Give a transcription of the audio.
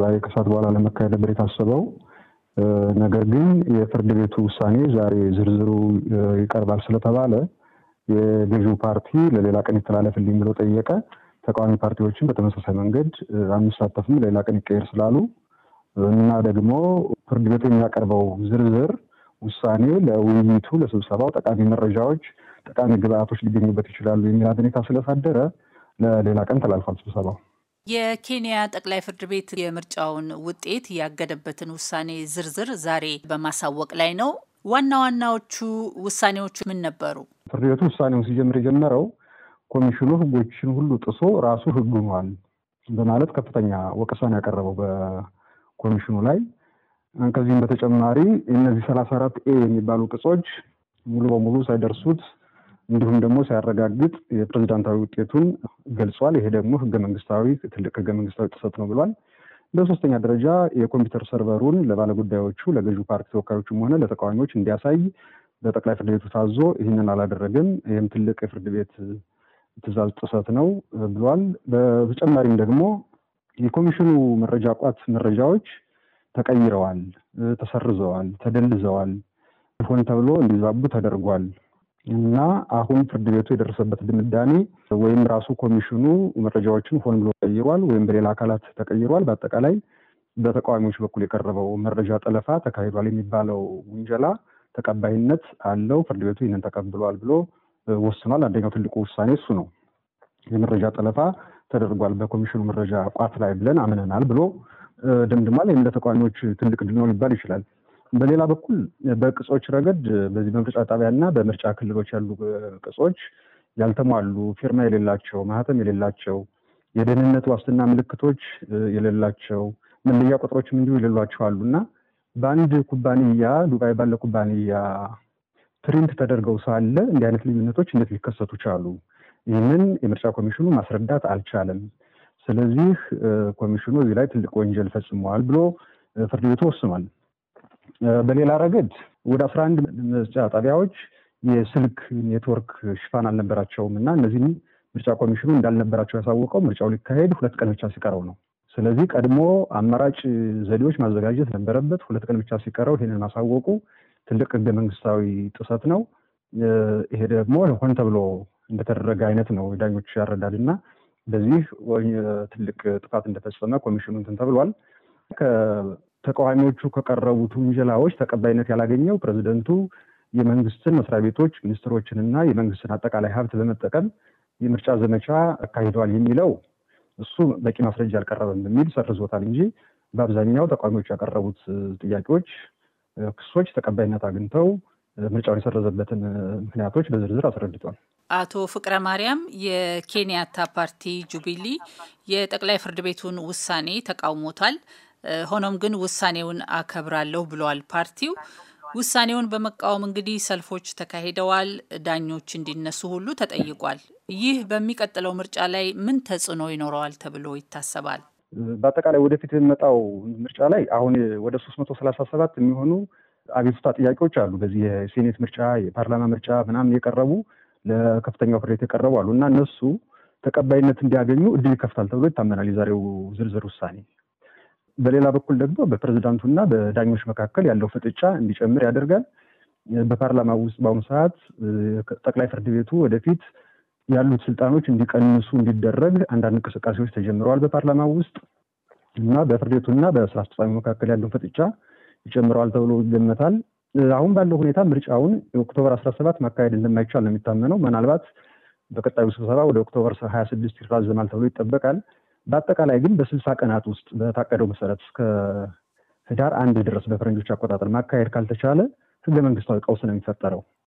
ዛሬ ከሰዓት በኋላ ለመካሄድ ነበር የታሰበው። ነገር ግን የፍርድ ቤቱ ውሳኔ ዛሬ ዝርዝሩ ይቀርባል ስለተባለ የገዢው ፓርቲ ለሌላ ቀን ይተላለፍልኝ ብሎ ጠየቀ። ተቃዋሚ ፓርቲዎችን በተመሳሳይ መንገድ አንሳተፍም ለሌላ ቀን ይቀየር ስላሉ እና ደግሞ ፍርድ ቤቱ የሚያቀርበው ዝርዝር ውሳኔ ለውይይቱ፣ ለስብሰባው ጠቃሚ መረጃዎች፣ ጠቃሚ ግብአቶች ሊገኙበት ይችላሉ የሚል አደኔታ ስለሳደረ ለሌላ ቀን ተላልፏል ስብሰባው። የኬንያ ጠቅላይ ፍርድ ቤት የምርጫውን ውጤት ያገደበትን ውሳኔ ዝርዝር ዛሬ በማሳወቅ ላይ ነው። ዋና ዋናዎቹ ውሳኔዎቹ ምን ነበሩ? ፍርድ ቤቱ ውሳኔውን ሲጀምር የጀመረው ኮሚሽኑ ሕጎችን ሁሉ ጥሶ ራሱ ሕግ ሆኗል በማለት ከፍተኛ ወቀሳን ያቀረበው በኮሚሽኑ ላይ። ከዚህም በተጨማሪ እነዚህ ሰላሳ አራት ኤ የሚባሉ ቅጾች ሙሉ በሙሉ ሳይደርሱት እንዲሁም ደግሞ ሲያረጋግጥ የፕሬዚዳንታዊ ውጤቱን ገልጿል። ይሄ ደግሞ ህገ መንግስታዊ ትልቅ ህገ መንግስታዊ ጥሰት ነው ብሏል። በሶስተኛ ደረጃ የኮምፒውተር ሰርቨሩን ለባለጉዳዮቹ ለገዢ ፓርቲ ተወካዮችም ሆነ ለተቃዋሚዎች እንዲያሳይ በጠቅላይ ፍርድ ቤቱ ታዞ ይህንን አላደረግም። ይህም ትልቅ የፍርድ ቤት ትዕዛዝ ጥሰት ነው ብሏል። በተጨማሪም ደግሞ የኮሚሽኑ መረጃ ቋት መረጃዎች ተቀይረዋል፣ ተሰርዘዋል፣ ተደልዘዋል፣ ሆን ተብሎ እንዲዛቡ ተደርጓል እና አሁን ፍርድ ቤቱ የደረሰበት ድምዳሜ ወይም ራሱ ኮሚሽኑ መረጃዎችን ሆን ብሎ ተቀይሯል ወይም በሌላ አካላት ተቀይሯል። በአጠቃላይ በተቃዋሚዎች በኩል የቀረበው መረጃ ጠለፋ ተካሂዷል የሚባለው ውንጀላ ተቀባይነት አለው፣ ፍርድ ቤቱ ይህንን ተቀብሏል ብሎ ወስኗል። አንደኛው ትልቁ ውሳኔ እሱ ነው። የመረጃ ጠለፋ ተደርጓል በኮሚሽኑ መረጃ ቋት ላይ ብለን አምነናል ብሎ ደምድማል። ይህም ለተቃዋሚዎች ትልቅ ድል ነው ሊባል ይችላል። በሌላ በኩል በቅጾች ረገድ በዚህ በምርጫ ጣቢያ በምርጫ ክልሎች ያሉ ቅጾች ያልተሟሉ፣ ፊርማ የሌላቸው፣ ማህተም የሌላቸው፣ የደህንነት ዋስትና ምልክቶች የሌላቸው፣ መለያ ቁጥሮችም እንዲሁ የሌሏቸው አሉ እና በአንድ ኩባንያ ዱባይ ባለ ኩባንያ ፕሪንት ተደርገው ሳለ እንዲህ አይነት ልዩነቶች እንዴት ሊከሰቱ ቻሉ? ይህንን የምርጫ ኮሚሽኑ ማስረዳት አልቻለም። ስለዚህ ኮሚሽኑ እዚህ ላይ ትልቅ ወንጀል ፈጽመዋል ብሎ ፍርድ ቤቱ ወስኗል። በሌላ ረገድ ወደ አስራ አንድ ምርጫ ጣቢያዎች የስልክ ኔትወርክ ሽፋን አልነበራቸውም እና እነዚህም ምርጫ ኮሚሽኑ እንዳልነበራቸው ያሳወቀው ምርጫው ሊካሄድ ሁለት ቀን ብቻ ሲቀረው ነው። ስለዚህ ቀድሞ አማራጭ ዘዴዎች ማዘጋጀት ነበረበት። ሁለት ቀን ብቻ ሲቀረው ይህንን ማሳወቁ ትልቅ ህገ መንግስታዊ ጥሰት ነው። ይሄ ደግሞ ሆን ተብሎ እንደተደረገ አይነት ነው ዳኞች ያረዳል እና በዚህ ትልቅ ጥፋት እንደፈጸመ ኮሚሽኑ እንትን ተብሏል። ተቃዋሚዎቹ ከቀረቡት ውንጀላዎች ተቀባይነት ያላገኘው ፕሬዚደንቱ የመንግስትን መስሪያ ቤቶች ሚኒስትሮችንና የመንግስትን አጠቃላይ ሀብት በመጠቀም የምርጫ ዘመቻ አካሂደዋል የሚለው እሱ በቂ ማስረጃ አልቀረበም በሚል ሰርዞታል እንጂ በአብዛኛው ተቃዋሚዎቹ ያቀረቡት ጥያቄዎች፣ ክሶች ተቀባይነት አግኝተው ምርጫውን የሰረዘበትን ምክንያቶች በዝርዝር አስረድቷል። አቶ ፍቅረ ማርያም የኬንያታ ፓርቲ ጁቢሊ የጠቅላይ ፍርድ ቤቱን ውሳኔ ተቃውሞታል። ሆኖም ግን ውሳኔውን አከብራለሁ ብለዋል ፓርቲው። ውሳኔውን በመቃወም እንግዲህ ሰልፎች ተካሂደዋል። ዳኞች እንዲነሱ ሁሉ ተጠይቋል። ይህ በሚቀጥለው ምርጫ ላይ ምን ተጽዕኖ ይኖረዋል ተብሎ ይታሰባል? በአጠቃላይ ወደፊት የሚመጣው ምርጫ ላይ አሁን ወደ ሶስት መቶ ሰላሳ ሰባት የሚሆኑ አቤቱታ ጥያቄዎች አሉ። በዚህ የሴኔት ምርጫ፣ የፓርላማ ምርጫ ምናምን የቀረቡ ለከፍተኛው ፍርድ ቤት የቀረቡ አሉ እና እነሱ ተቀባይነት እንዲያገኙ እድል ይከፍታል ተብሎ ይታመናል የዛሬው ዝርዝር ውሳኔ በሌላ በኩል ደግሞ በፕሬዝዳንቱና በዳኞች መካከል ያለው ፍጥጫ እንዲጨምር ያደርጋል። በፓርላማ ውስጥ በአሁኑ ሰዓት ጠቅላይ ፍርድ ቤቱ ወደፊት ያሉት ስልጣኖች እንዲቀንሱ እንዲደረግ አንዳንድ እንቅስቃሴዎች ተጀምረዋል በፓርላማ ውስጥ እና በፍርድ ቤቱና በስራ አስፈጻሚ መካከል ያለው ፍጥጫ ይጨምረዋል ተብሎ ይገመታል። አሁን ባለው ሁኔታ ምርጫውን የኦክቶበር አስራ ሰባት ማካሄድ እንደማይቻል ነው የሚታመነው። ምናልባት በቀጣዩ ስብሰባ ወደ ኦክቶበር 26 ስድስት ይራዘማል ተብሎ ይጠበቃል። በአጠቃላይ ግን በስልሳ ቀናት ውስጥ በታቀደው መሰረት እስከ ህዳር አንድ ድረስ በፈረንጆች አቆጣጠር ማካሄድ ካልተቻለ ህገ መንግስታዊ ቀውስ ነው የሚፈጠረው።